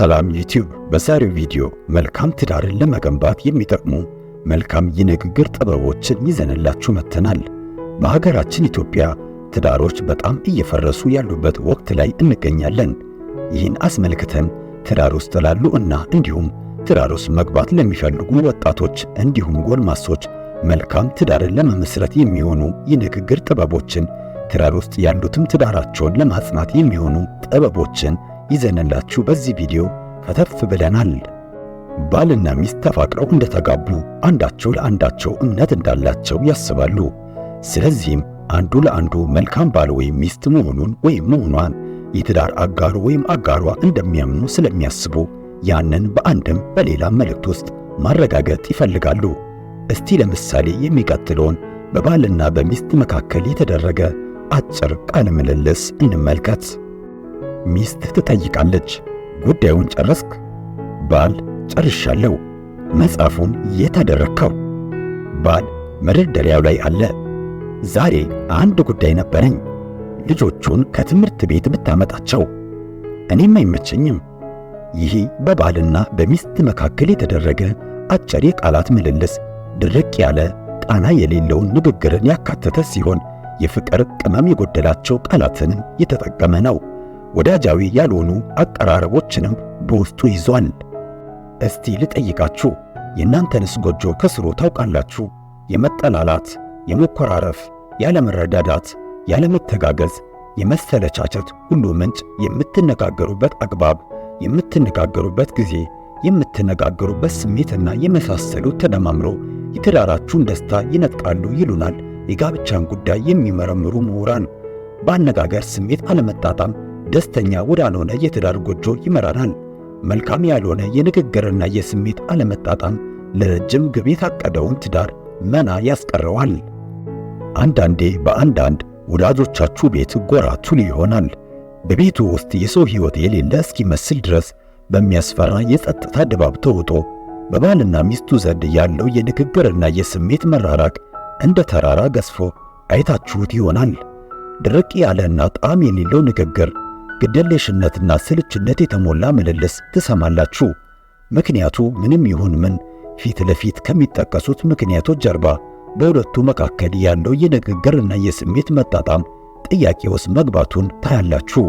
ሰላም ዩቲዩብ በዛሬው ቪዲዮ መልካም ትዳርን ለመገንባት የሚጠቅሙ መልካም የንግግር ጥበቦችን ይዘንላችሁ መጥተናል። በሀገራችን ኢትዮጵያ ትዳሮች በጣም እየፈረሱ ያሉበት ወቅት ላይ እንገኛለን። ይህን አስመልክተን ትዳር ውስጥ ላሉ እና እንዲሁም ትዳር ውስጥ መግባት ለሚፈልጉ ወጣቶች እንዲሁም ጎልማሶች መልካም ትዳርን ለመመስረት የሚሆኑ የንግግር ጥበቦችን፣ ትዳር ውስጥ ያሉትም ትዳራቸውን ለማጽናት የሚሆኑ ጥበቦችን ይዘንላችሁ በዚህ ቪዲዮ ከተፍ ብለናል። ባልና ሚስት ተፋቅረው እንደተጋቡ አንዳቸው ለአንዳቸው እምነት እንዳላቸው ያስባሉ። ስለዚህም አንዱ ለአንዱ መልካም ባል ወይም ሚስት መሆኑን ወይም መሆኗን የትዳር አጋሩ ወይም አጋሯ እንደሚያምኑ ስለሚያስቡ ያንን በአንድም በሌላ መልእክት ውስጥ ማረጋገጥ ይፈልጋሉ። እስቲ ለምሳሌ የሚቀጥለውን በባልና በሚስት መካከል የተደረገ አጭር ቃለ ምልልስ እንመልከት። ሚስት ትጠይቃለች። ጉዳዩን ጨረስክ? ባል ጨርሻለሁ። መጽሐፉን የት አደረግከው? ባል መደርደሪያው ላይ አለ። ዛሬ አንድ ጉዳይ ነበረኝ። ልጆቹን ከትምህርት ቤት ብታመጣቸው እኔም አይመቸኝም። ይህ በባልና በሚስት መካከል የተደረገ አጭር የቃላት ምልልስ ድርቅ ያለ ጣና የሌለውን ንግግርን ያካተተ ሲሆን የፍቅር ቅመም የጎደላቸው ቃላትን የተጠቀመ ነው። ወዳጃዊ ያልሆኑ አቀራረቦችንም በውስጡ ይዟል። እስቲ ልጠይቃችሁ፣ የእናንተንስ ጎጆ ከስሩ ታውቃላችሁ? የመጠላላት፣ የመኮራረፍ፣ ያለመረዳዳት፣ ያለመተጋገዝ፣ የመሰለቻቸት ሁሉ ምንጭ የምትነጋገሩበት አግባብ፣ የምትነጋገሩበት ጊዜ፣ የምትነጋገሩበት ስሜትና የመሳሰሉ ተደማምሮ የትዳራችሁን ደስታ ይነጥቃሉ ይሉናል የጋብቻን ጉዳይ የሚመረምሩ ምሁራን። በአነጋገር ስሜት አለመጣጣም ደስተኛ ወዳልሆነ የትዳር ጎጆ ይመራናል። መልካም ያልሆነ የንግግርና የስሜት አለመጣጣም ለረጅም ግብ የታቀደውን ትዳር መና ያስቀረዋል። አንዳንዴ በአንዳንድ ወዳጆቻችሁ ቤት ጎራ ትሉ ይሆናል። በቤቱ ውስጥ የሰው ሕይወት የሌለ እስኪመስል ድረስ በሚያስፈራ የጸጥታ ድባብ ተውጦ በባልና ሚስቱ ዘንድ ያለው የንግግርና የስሜት መራራቅ እንደ ተራራ ገዝፎ አይታችሁት ይሆናል። ድርቅ ያለና ጣዕም የሌለው ንግግር ግደለሽነትና ስልችነት የተሞላ ምልልስ ትሰማላችሁ። ምክንያቱ ምንም ይሁን ምን ፊት ለፊት ከሚጠቀሱት ምክንያቶች ጀርባ በሁለቱ መካከል ያለው የንግግርና የስሜት መጣጣም ጥያቄ ውስጥ መግባቱን ታያላችሁ።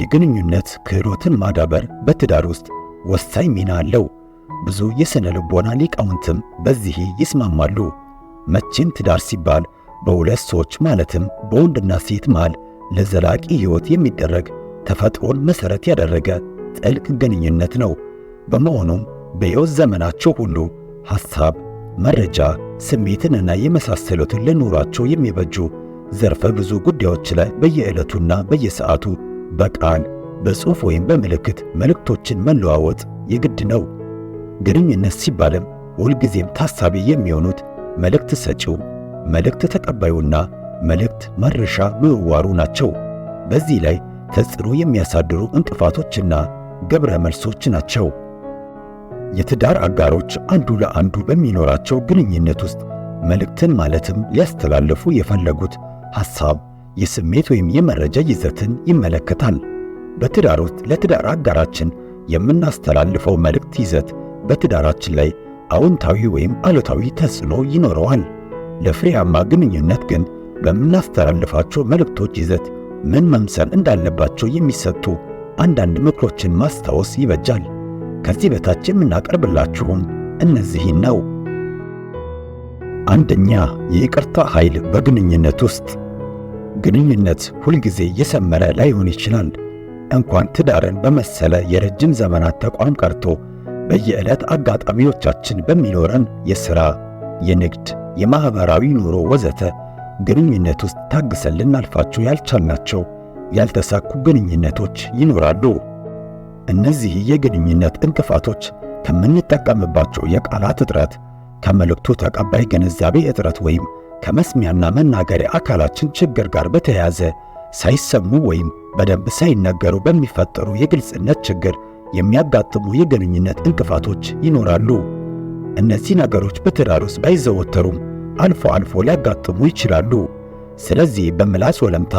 የግንኙነት ክህሎትን ማዳበር በትዳር ውስጥ ወሳኝ ሚና አለው። ብዙ የሥነ ልቦና ሊቃውንትም በዚህ ይስማማሉ። መቼም ትዳር ሲባል በሁለት ሰዎች ማለትም በወንድና ሴት መሃል ለዘላቂ ሕይወት የሚደረግ ተፈጥሮን መሠረት ያደረገ ጥልቅ ግንኙነት ነው። በመሆኑም በሕይወት ዘመናቸው ሁሉ ሐሳብ፣ መረጃ፣ ስሜትንና የመሳሰሉትን ለኑሯቸው የሚበጁ ዘርፈ ብዙ ጉዳዮች ላይ በየዕለቱና በየሰዓቱ በቃል በጽሑፍ ወይም በምልክት መልእክቶችን መለዋወጥ የግድ ነው። ግንኙነት ሲባልም ሁልጊዜም ታሳቢ የሚሆኑት መልእክት ሰጪው፣ መልእክት ተቀባዩና መልእክት መድረሻ ምህዋሩ ናቸው። በዚህ ላይ ተጽዕኖ የሚያሳድሩ እንቅፋቶችና ግብረ መልሶች ናቸው። የትዳር አጋሮች አንዱ ለአንዱ በሚኖራቸው ግንኙነት ውስጥ መልእክትን ማለትም ሊያስተላልፉ የፈለጉት ሐሳብ፣ የስሜት ወይም የመረጃ ይዘትን ይመለከታል። በትዳር ውስጥ ለትዳር አጋራችን የምናስተላልፈው መልእክት ይዘት በትዳራችን ላይ አዎንታዊ ወይም አሉታዊ ተጽዕኖ ይኖረዋል። ለፍሬያማ ግንኙነት ግን በምናስተላልፋቸው መልእክቶች ይዘት ምን መምሰል እንዳለባቸው የሚሰጡ አንዳንድ ምክሮችን ማስታወስ ይበጃል። ከዚህ በታች የምናቀርብላችሁም እነዚህን ነው። አንደኛ፣ የይቅርታ ኃይል በግንኙነት ውስጥ። ግንኙነት ሁልጊዜ የሰመረ ላይሆን ይችላል። እንኳን ትዳርን በመሰለ የረጅም ዘመናት ተቋም ቀርቶ በየዕለት አጋጣሚዎቻችን በሚኖረን የሥራ፣ የንግድ፣ የማኅበራዊ ኑሮ ወዘተ ግንኙነት ውስጥ ታግሰን ልናልፋቸው ያልቻልናቸው ያልተሳኩ ግንኙነቶች ይኖራሉ። እነዚህ የግንኙነት እንቅፋቶች ከምንጠቀምባቸው የቃላት እጥረት፣ ከመልእክቱ ተቀባይ ግንዛቤ እጥረት ወይም ከመስሚያና መናገሪያ አካላችን ችግር ጋር በተያያዘ ሳይሰሙ ወይም በደንብ ሳይነገሩ በሚፈጠሩ የግልጽነት ችግር የሚያጋጥሙ የግንኙነት እንቅፋቶች ይኖራሉ። እነዚህ ነገሮች በትዳር ውስጥ ባይዘወተሩም አልፎ አልፎ ሊያጋጥሙ ይችላሉ። ስለዚህ በምላስ ወለምታ፣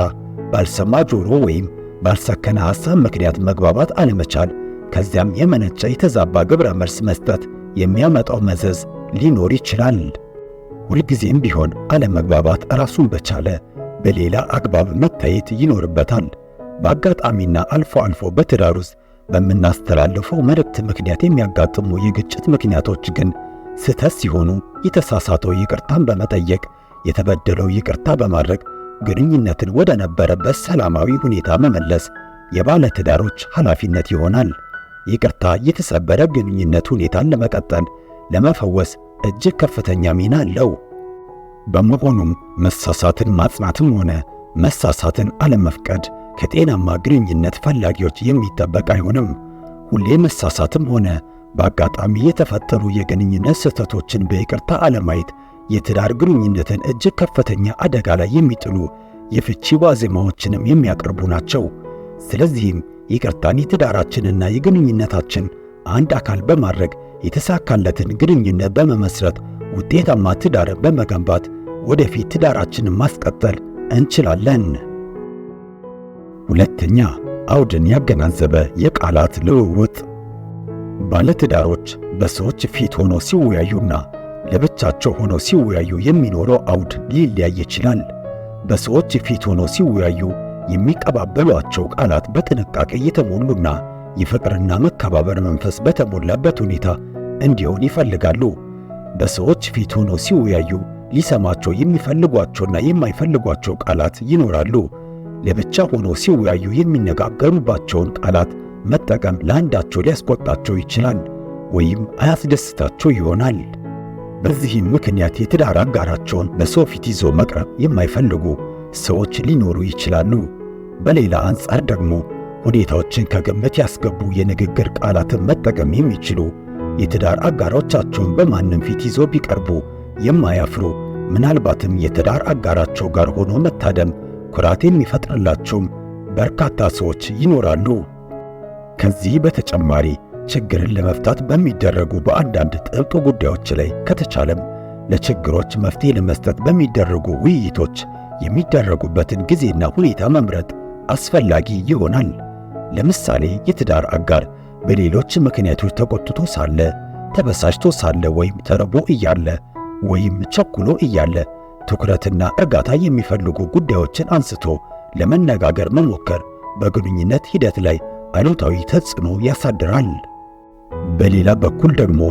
ባልሰማ ጆሮ ወይም ባልሰከነ ሐሳብ ምክንያት መግባባት አለመቻል፣ ከዚያም የመነጨ የተዛባ ግብረ መልስ መስጠት የሚያመጣው መዘዝ ሊኖር ይችላል። ሁልጊዜም ቢሆን አለመግባባት ራሱን በቻለ በሌላ አግባብ መታየት ይኖርበታል። በአጋጣሚና አልፎ አልፎ በትዳር ውስጥ በምናስተላልፈው መልእክት ምክንያት የሚያጋጥሙ የግጭት ምክንያቶች ግን ስህተት ሲሆኑ የተሳሳተው ይቅርታን በመጠየቅ የተበደለው ይቅርታ በማድረግ ግንኙነትን ወደ ነበረበት ሰላማዊ ሁኔታ መመለስ የባለ ትዳሮች ኃላፊነት ይሆናል። ይቅርታ የተሰበረ ግንኙነት ሁኔታን ለመቀጠል ለመፈወስ እጅግ ከፍተኛ ሚና አለው። በመሆኑም መሳሳትን ማጽናትም ሆነ መሳሳትን አለመፍቀድ ከጤናማ ግንኙነት ፈላጊዎች የሚጠበቅ አይሆንም። ሁሌ መሳሳትም ሆነ በአጋጣሚ የተፈጠሩ የግንኙነት ስህተቶችን በይቅርታ አለማየት የትዳር ግንኙነትን እጅግ ከፍተኛ አደጋ ላይ የሚጥሉ የፍቺ ዋዜማዎችንም የሚያቀርቡ ናቸው። ስለዚህም ይቅርታን የትዳራችንና የግንኙነታችን አንድ አካል በማድረግ የተሳካለትን ግንኙነት በመመስረት ውጤታማ ትዳር በመገንባት ወደፊት ትዳራችንን ማስቀጠል እንችላለን። ሁለተኛ አውድን ያገናዘበ የቃላት ልውውጥ ባለትዳሮች በሰዎች ፊት ሆነው ሲወያዩና ለብቻቸው ሆነው ሲወያዩ የሚኖረው አውድ ሊለያይ ይችላል። በሰዎች ፊት ሆነው ሲወያዩ የሚቀባበሏቸው ቃላት በጥንቃቄ የተሞሉና የፍቅርና መከባበር መንፈስ በተሞላበት ሁኔታ እንዲሆን ይፈልጋሉ። በሰዎች ፊት ሆነው ሲወያዩ ሊሰማቸው የሚፈልጓቸውና የማይፈልጓቸው ቃላት ይኖራሉ። ለብቻ ሆኖ ሲወያዩ የሚነጋገሩባቸውን ቃላት መጠቀም ለአንዳቸው ሊያስቆጣቸው ይችላል ወይም አያስደስታቸው ይሆናል። በዚህም ምክንያት የትዳር አጋራቸውን በሰው ፊት ይዞ መቅረብ የማይፈልጉ ሰዎች ሊኖሩ ይችላሉ። በሌላ አንጻር ደግሞ ሁኔታዎችን ከግምት ያስገቡ የንግግር ቃላትን መጠቀም የሚችሉ የትዳር አጋሮቻቸውን በማንም ፊት ይዞ ቢቀርቡ የማያፍሩ ምናልባትም የትዳር አጋራቸው ጋር ሆኖ መታደም ኩራት የሚፈጥርላቸውም በርካታ ሰዎች ይኖራሉ። ከዚህ በተጨማሪ ችግርን ለመፍታት በሚደረጉ በአንዳንድ ጥብቅ ጉዳዮች ላይ ከተቻለም ለችግሮች መፍትሄ ለመስጠት በሚደረጉ ውይይቶች የሚደረጉበትን ጊዜና ሁኔታ መምረጥ አስፈላጊ ይሆናል። ለምሳሌ የትዳር አጋር በሌሎች ምክንያቶች ተቆጥቶ ሳለ፣ ተበሳጭቶ ሳለ፣ ወይም ተርቦ እያለ ወይም ቸኩሎ እያለ ትኩረትና እርጋታ የሚፈልጉ ጉዳዮችን አንስቶ ለመነጋገር መሞከር በግንኙነት ሂደት ላይ አሉታዊ ተጽዕኖ ያሳድራል። በሌላ በኩል ደግሞ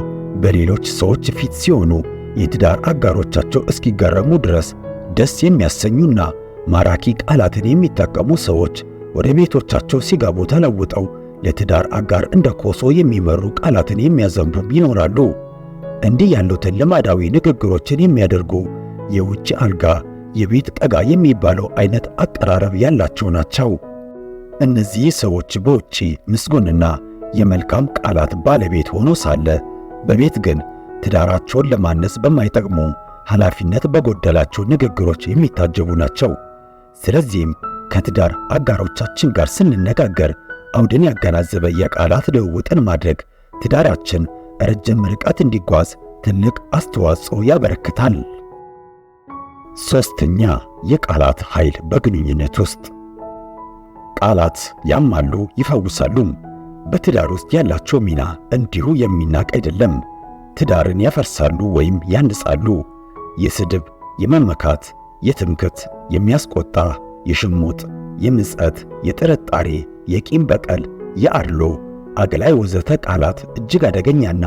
በሌሎች ሰዎች ፊት ሲሆኑ የትዳር አጋሮቻቸው እስኪገረሙ ድረስ ደስ የሚያሰኙና ማራኪ ቃላትን የሚጠቀሙ ሰዎች ወደ ቤቶቻቸው ሲጋቡ ተለውጠው ለትዳር አጋር እንደ ኮሶ የሚመሩ ቃላትን የሚያዘንቡም ይኖራሉ። እንዲህ ያሉትን ልማዳዊ ንግግሮችን የሚያደርጉ የውጭ አልጋ የቤት ቀጋ የሚባለው አይነት አቀራረብ ያላቸው ናቸው። እነዚህ ሰዎች በውጪ ምስጉንና የመልካም ቃላት ባለቤት ሆኖ ሳለ በቤት ግን ትዳራቸውን ለማነስ በማይጠቅሙ ኃላፊነት በጎደላቸው ንግግሮች የሚታጀቡ ናቸው። ስለዚህም ከትዳር አጋሮቻችን ጋር ስንነጋገር አውድን ያገናዘበ የቃላት ልውውጥን ማድረግ ትዳራችን ረጅም ርቀት እንዲጓዝ ትልቅ አስተዋጽኦ ያበረክታል። ሦስተኛ የቃላት ኃይል በግንኙነት ውስጥ ቃላት ያማሉ፣ ይፈውሳሉ። በትዳር ውስጥ ያላቸው ሚና እንዲሁ የሚናቅ አይደለም። ትዳርን ያፈርሳሉ ወይም ያንጻሉ። የስድብ፣ የመመካት፣ የትምክት፣ የሚያስቆጣ፣ የሽሙጥ፣ የምጸት፣ የጥርጣሬ፣ የቂም በቀል፣ የአድሎ፣ አግላይ ወዘተ ቃላት እጅግ አደገኛና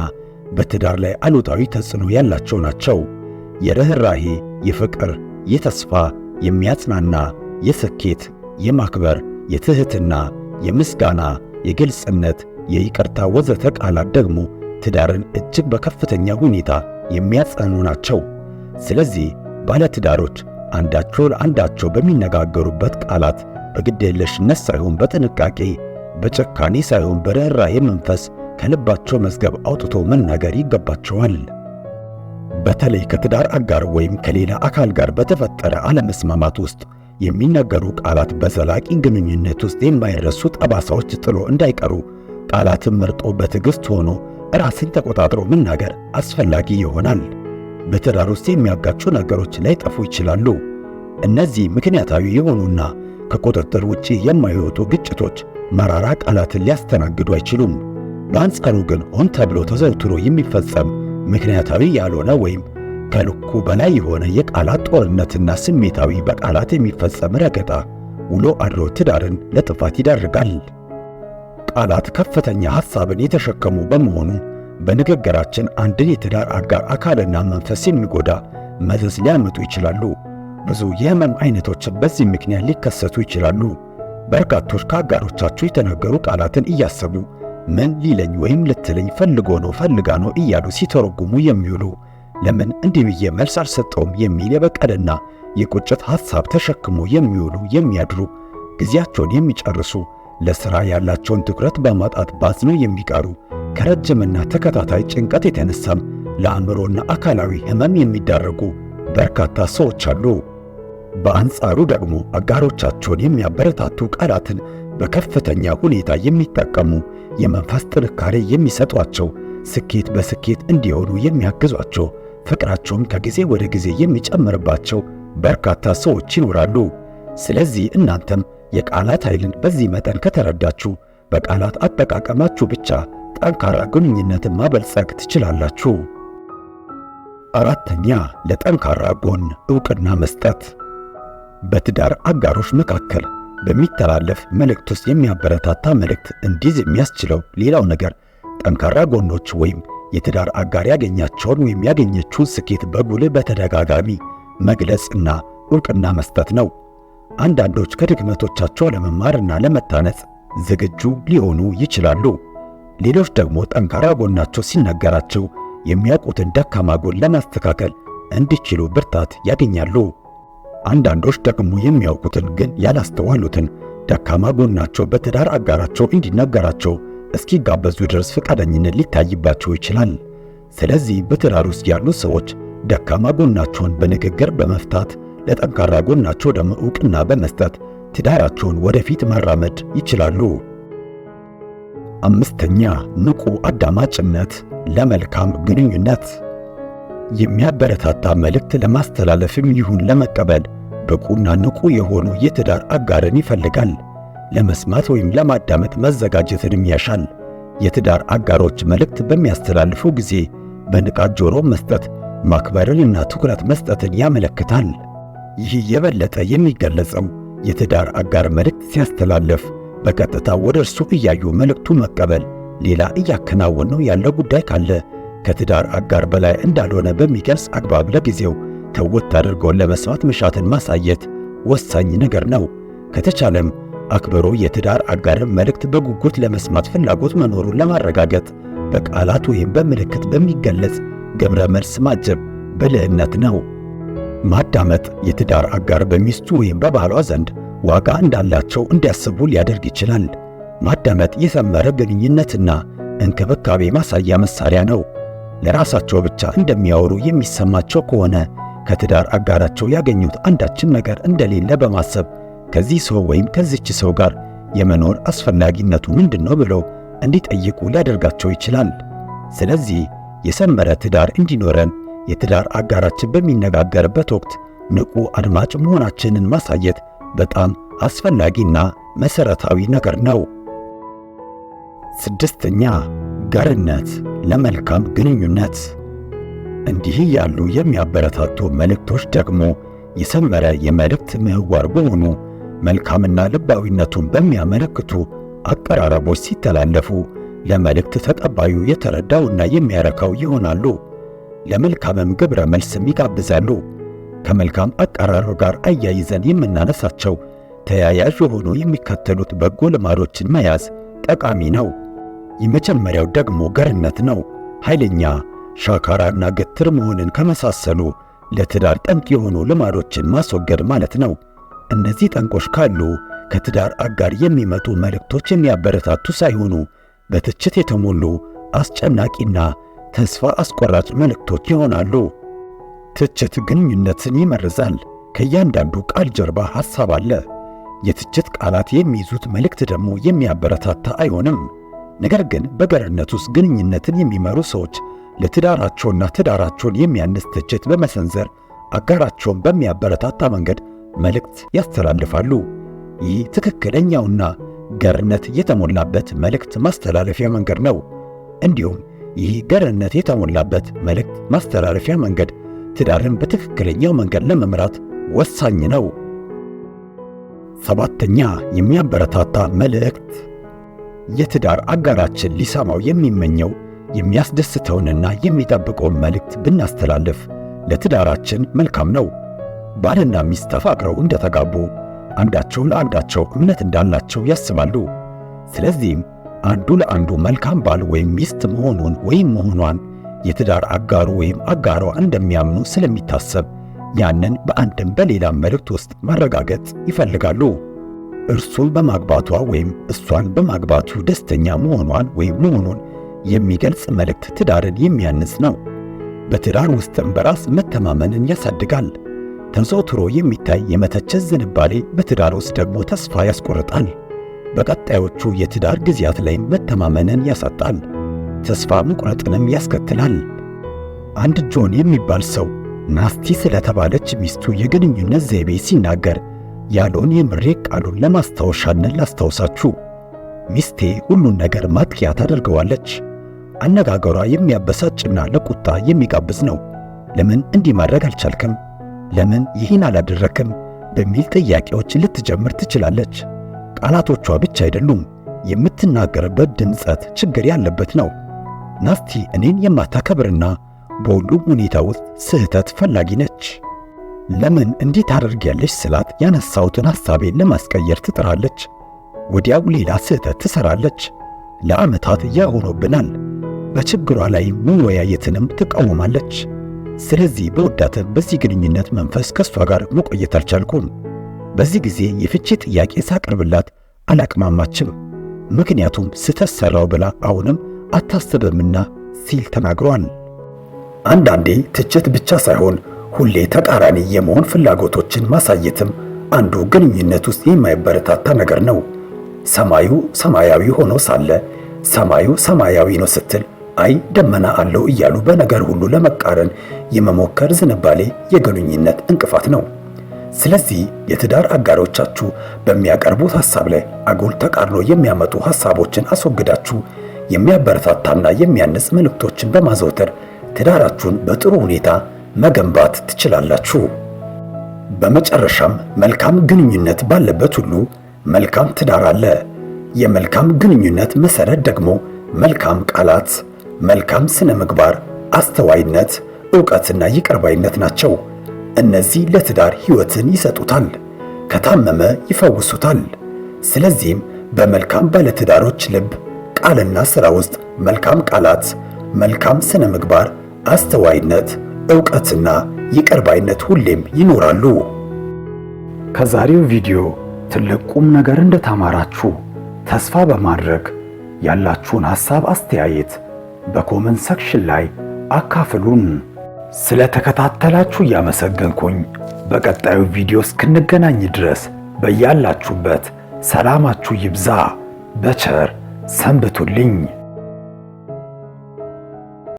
በትዳር ላይ አሉታዊ ተጽዕኖ ያላቸው ናቸው። የርኅራሄ፣ የፍቅር፣ የተስፋ፣ የሚያጽናና፣ የስኬት፣ የማክበር የትህትና፣ የምስጋና፣ የግልጽነት፣ የይቅርታ ወዘተ ቃላት ደግሞ ትዳርን እጅግ በከፍተኛ ሁኔታ የሚያጸኑ ናቸው። ስለዚህ ባለትዳሮች አንዳቸው ለአንዳቸው በሚነጋገሩበት ቃላት በግዴለሽነት ሳይሆን በጥንቃቄ፣ በጭካኔ ሳይሆን በርኅራኄ መንፈስ ከልባቸው መዝገብ አውጥቶ መናገር ይገባቸዋል። በተለይ ከትዳር አጋር ወይም ከሌላ አካል ጋር በተፈጠረ አለመስማማት ውስጥ የሚነገሩ ቃላት በዘላቂ ግንኙነት ውስጥ የማይረሱ ጠባሳዎች ጥሎ እንዳይቀሩ ቃላትን መርጦ በትዕግሥት ሆኖ ራስን ተቆጣጥሮ መናገር አስፈላጊ ይሆናል። በትዳር ውስጥ የሚያጋጩ ነገሮች ላይጠፉ ይችላሉ። እነዚህ ምክንያታዊ የሆኑና ከቁጥጥር ውጪ የማይወጡ ግጭቶች መራራ ቃላትን ሊያስተናግዱ አይችሉም። በአንጻሩ ግን ሆን ተብሎ ተዘውትሮ የሚፈጸም ምክንያታዊ ያልሆነ ወይም ከልኩ በላይ የሆነ የቃላት ጦርነትና ስሜታዊ በቃላት የሚፈጸም ረገጣ ውሎ አድሮ ትዳርን ለጥፋት ይዳርጋል። ቃላት ከፍተኛ ሐሳብን የተሸከሙ በመሆኑ በንግግራችን አንድን የትዳር አጋር አካልና መንፈስ የሚጎዳ መዘዝ ሊያመጡ ይችላሉ። ብዙ የህመም አይነቶች በዚህ ምክንያት ሊከሰቱ ይችላሉ። በርካቶች ከአጋሮቻችሁ የተነገሩ ቃላትን እያሰቡ ምን ሊለኝ ወይም ልትለኝ ፈልጎ ነው ፈልጋ ነው እያሉ ሲተረጉሙ የሚውሉ ለምን እንዲህ ብዬ መልስ አልሰጠውም የሚል የበቀልና የቁጭት ሐሳብ ተሸክሞ የሚውሉ የሚያድሩ ጊዜያቸውን የሚጨርሱ ለሥራ ያላቸውን ትኩረት በማጣት ባዝነው የሚቀሩ ከረጅምና ተከታታይ ጭንቀት የተነሳም ለአእምሮና አካላዊ ሕመም የሚዳረጉ በርካታ ሰዎች አሉ። በአንጻሩ ደግሞ አጋሮቻቸውን የሚያበረታቱ ቃላትን በከፍተኛ ሁኔታ የሚጠቀሙ የመንፈስ ጥንካሬ የሚሰጧቸው ስኬት በስኬት እንዲሆኑ የሚያግዟቸው ፍቅራቸውም ከጊዜ ወደ ጊዜ የሚጨምርባቸው በርካታ ሰዎች ይኖራሉ። ስለዚህ እናንተም የቃላት ኃይልን በዚህ መጠን ከተረዳችሁ በቃላት አጠቃቀማችሁ ብቻ ጠንካራ ግንኙነትን ማበልጸግ ትችላላችሁ። አራተኛ፣ ለጠንካራ ጎን ዕውቅና መስጠት። በትዳር አጋሮች መካከል በሚተላለፍ መልእክት ውስጥ የሚያበረታታ መልእክት እንዲዝ የሚያስችለው ሌላው ነገር ጠንካራ ጎኖች ወይም የትዳር አጋር ያገኛቸውን ወይም ያገኘችውን ስኬት በጉልህ በተደጋጋሚ መግለጽና እውቅና መስጠት ነው። አንዳንዶች ከድክመቶቻቸው ለመማርና ለመታነጽ ዝግጁ ሊሆኑ ይችላሉ። ሌሎች ደግሞ ጠንካራ ጎናቸው ሲነገራቸው የሚያውቁትን ደካማ ጎን ለማስተካከል እንዲችሉ ብርታት ያገኛሉ። አንዳንዶች ደግሞ የሚያውቁትን ግን ያላስተዋሉትን ደካማ ጎናቸው በትዳር አጋራቸው እንዲነገራቸው እስኪጋበዙ ድረስ ፈቃደኝነት ሊታይባቸው ይችላል። ስለዚህ በትዳር ውስጥ ያሉ ሰዎች ደካማ ጎናቸውን በንግግር በመፍታት ለጠንካራ ጎናቸው ደግሞ ዕውቅና በመስጠት ትዳራቸውን ወደፊት መራመድ ይችላሉ። አምስተኛ ንቁ አዳማጭነት ለመልካም ግንኙነት የሚያበረታታ መልእክት ለማስተላለፍም ይሁን ለመቀበል ብቁና ንቁ የሆኑ የትዳር አጋርን ይፈልጋል። ለመስማት ወይም ለማዳመጥ መዘጋጀትንም ያሻል። የትዳር አጋሮች መልእክት በሚያስተላልፉ ጊዜ በንቃት ጆሮ መስጠት ማክበርንና ትኩረት መስጠትን ያመለክታል። ይህ የበለጠ የሚገለጸው የትዳር አጋር መልእክት ሲያስተላልፍ በቀጥታ ወደ እርሱ እያዩ መልእክቱ መቀበል፣ ሌላ እያከናወነው ያለ ጉዳይ ካለ ከትዳር አጋር በላይ እንዳልሆነ በሚገልጽ አግባብ ለጊዜው ተውት አድርጎን ለመስማት መሻትን ማሳየት ወሳኝ ነገር ነው። ከተቻለም አክብሮ የትዳር አጋርን መልእክት በጉጉት ለመስማት ፍላጎት መኖሩን ለማረጋገጥ በቃላት ወይም በምልክት በሚገለጽ ግብረ መልስ ማጀብ ብልህነት ነው። ማዳመጥ የትዳር አጋር በሚስቱ ወይም በባሏ ዘንድ ዋጋ እንዳላቸው እንዲያስቡ ሊያደርግ ይችላል። ማዳመጥ የሰመረ ግንኙነትና እንክብካቤ ማሳያ መሳሪያ ነው። ለራሳቸው ብቻ እንደሚያወሩ የሚሰማቸው ከሆነ ከትዳር አጋራቸው ያገኙት አንዳችን ነገር እንደሌለ በማሰብ ከዚህ ሰው ወይም ከዚች ሰው ጋር የመኖር አስፈላጊነቱ ምንድነው ብለው እንዲጠይቁ ሊያደርጋቸው ይችላል። ስለዚህ የሰመረ ትዳር እንዲኖረን የትዳር አጋራችን በሚነጋገርበት ወቅት ንቁ አድማጭ መሆናችንን ማሳየት በጣም አስፈላጊና መሰረታዊ ነገር ነው። ስድስተኛ ጋርነት ለመልካም ግንኙነት። እንዲህ ያሉ የሚያበረታቱ መልእክቶች ደግሞ የሰመረ የመልእክት ምህዋር በሆኑ መልካምና ልባዊነቱን በሚያመለክቱ አቀራረቦች ሲተላለፉ ለመልእክት ተቀባዩ የተረዳውና የሚያረካው ይሆናሉ። ለመልካምም ግብረ መልስም ይጋብዛሉ። ከመልካም አቀራረብ ጋር አያይዘን የምናነሳቸው ተያያዥ የሆኑ የሚከተሉት በጎ ልማዶችን መያዝ ጠቃሚ ነው። የመጀመሪያው ደግሞ ገርነት ነው። ኃይለኛ ሻካራና ግትር መሆንን ከመሳሰሉ ለትዳር ጠንቅ የሆኑ ልማዶችን ማስወገድ ማለት ነው። እነዚህ ጠንቆች ካሉ ከትዳር አጋር የሚመጡ መልእክቶች የሚያበረታቱ ሳይሆኑ በትችት የተሞሉ አስጨናቂና ተስፋ አስቆራጭ መልእክቶች ይሆናሉ። ትችት ግንኙነትን ይመርዛል። ከእያንዳንዱ ቃል ጀርባ ሐሳብ አለ። የትችት ቃላት የሚይዙት መልእክት ደግሞ የሚያበረታታ አይሆንም። ነገር ግን በገርነት ውስጥ ግንኙነትን የሚመሩ ሰዎች ለትዳራቸውና ትዳራቸውን የሚያንስ ትችት በመሰንዘር አጋራቸውን በሚያበረታታ መንገድ መልእክት ያስተላልፋሉ። ይህ ትክክለኛውና ገርነት የተሞላበት መልእክት ማስተላለፊያ መንገድ ነው። እንዲሁም ይህ ገርነት የተሞላበት መልእክት ማስተላለፊያ መንገድ ትዳርን በትክክለኛው መንገድ ለመምራት ወሳኝ ነው። ሰባተኛ የሚያበረታታ መልእክት የትዳር አጋራችን ሊሰማው የሚመኘው የሚያስደስተውንና የሚጠብቀውን መልእክት ብናስተላልፍ ለትዳራችን መልካም ነው። ባልና ሚስት ተፋቅረው እንደተጋቡ አንዳቸው ለአንዳቸው እምነት እንዳላቸው ያስባሉ። ስለዚህም አንዱ ለአንዱ መልካም ባል ወይም ሚስት መሆኑን ወይም መሆኗን የትዳር አጋሩ ወይም አጋሯ እንደሚያምኑ ስለሚታሰብ ያንን በአንድም በሌላ መልእክት ውስጥ ማረጋገጥ ይፈልጋሉ። እርሱን በማግባቷ ወይም እሷን በማግባቱ ደስተኛ መሆኗን ወይም መሆኑን የሚገልጽ መልእክት ትዳርን የሚያንጽ ነው። በትዳር ውስጥም በራስ መተማመንን ያሳድጋል። ተንሶትሮ የሚታይ የመተቸት ዝንባሌ በትዳር ውስጥ ደግሞ ተስፋ ያስቆርጣል። በቀጣዮቹ የትዳር ጊዜያት ላይ መተማመንን ያሳጣል፣ ተስፋ መቁረጥንም ያስከትላል። አንድ ጆን የሚባል ሰው ናስቲ ስለተባለች ሚስቱ የግንኙነት ዘይቤ ሲናገር ያለውን የምሬት ቃሉን ለማስታወሻነት ላስታውሳችሁ። ሚስቴ ሁሉን ነገር ማጥቂያ ታደርገዋለች። አነጋገሯ የሚያበሳጭና ለቁጣ የሚጋብዝ ነው። ለምን እንዲህ ማድረግ አልቻልክም? ለምን ይህን አላደረክም በሚል ጥያቄዎች ልትጀምር ትችላለች። ቃላቶቿ ብቻ አይደሉም፣ የምትናገርበት ድምፀት ችግር ያለበት ነው። ናስቲ እኔን የማታከብርና በሁሉም ሁኔታ ውስጥ ስህተት ፈላጊ ነች። ለምን እንዴት ታደርጊያለሽ ስላት ያነሳሁትን ሐሳቤን ለማስቀየር ትጥራለች። ወዲያው ሌላ ስህተት ትሰራለች። ለዓመታት ያሆኖብናል። በችግሯ ላይ መወያየትንም ትቃወማለች። ስለዚህ በወዳተ በዚህ ግንኙነት መንፈስ ከእሷ ጋር መቆየት አልቻልኩም። በዚህ ጊዜ የፍቺ ጥያቄ ሳቀርብላት አላቅማማችም። ምክንያቱም ስተት ሰራው ብላ አሁንም አታስብምና ሲል ተናግሯል። አንዳንዴ ትችት ብቻ ሳይሆን ሁሌ ተቃራኒ የመሆን ፍላጎቶችን ማሳየትም አንዱ ግንኙነት ውስጥ የማይበረታታ ነገር ነው። ሰማዩ ሰማያዊ ሆኖ ሳለ ሰማዩ ሰማያዊ ነው ስትል አይ ደመና አለው እያሉ በነገር ሁሉ ለመቃረን የመሞከር ዝንባሌ የግንኙነት እንቅፋት ነው። ስለዚህ የትዳር አጋሮቻችሁ በሚያቀርቡት ሐሳብ ላይ አጉል ተቃርኖ የሚያመጡ ሐሳቦችን አስወግዳችሁ የሚያበረታታና የሚያንጽ መልእክቶችን በማዘውተር ትዳራችሁን በጥሩ ሁኔታ መገንባት ትችላላችሁ። በመጨረሻም መልካም ግንኙነት ባለበት ሁሉ መልካም ትዳር አለ። የመልካም ግንኙነት መሰረት ደግሞ መልካም ቃላት መልካም ስነ ምግባር፣ አስተዋይነት፣ ዕውቀትና ይቅርባይነት ናቸው። እነዚህ ለትዳር ሕይወትን ይሰጡታል፣ ከታመመ ይፈውሱታል። ስለዚህም በመልካም ባለትዳሮች ልብ ቃልና ሥራ ውስጥ መልካም ቃላት፣ መልካም ስነ ምግባር፣ አስተዋይነት፣ ዕውቀትና ይቅርባይነት ሁሌም ይኖራሉ። ከዛሬው ቪዲዮ ትልቅ ቁም ነገር እንደተማራችሁ ተስፋ በማድረግ ያላችሁን ሐሳብ አስተያየት በኮመን ሰክሽን ላይ አካፍሉን። ስለተከታተላችሁ እያመሰገንኩኝ በቀጣዩ ቪዲዮ እስክንገናኝ ድረስ በያላችሁበት ሰላማችሁ ይብዛ። በቸር ሰንብቱልኝ።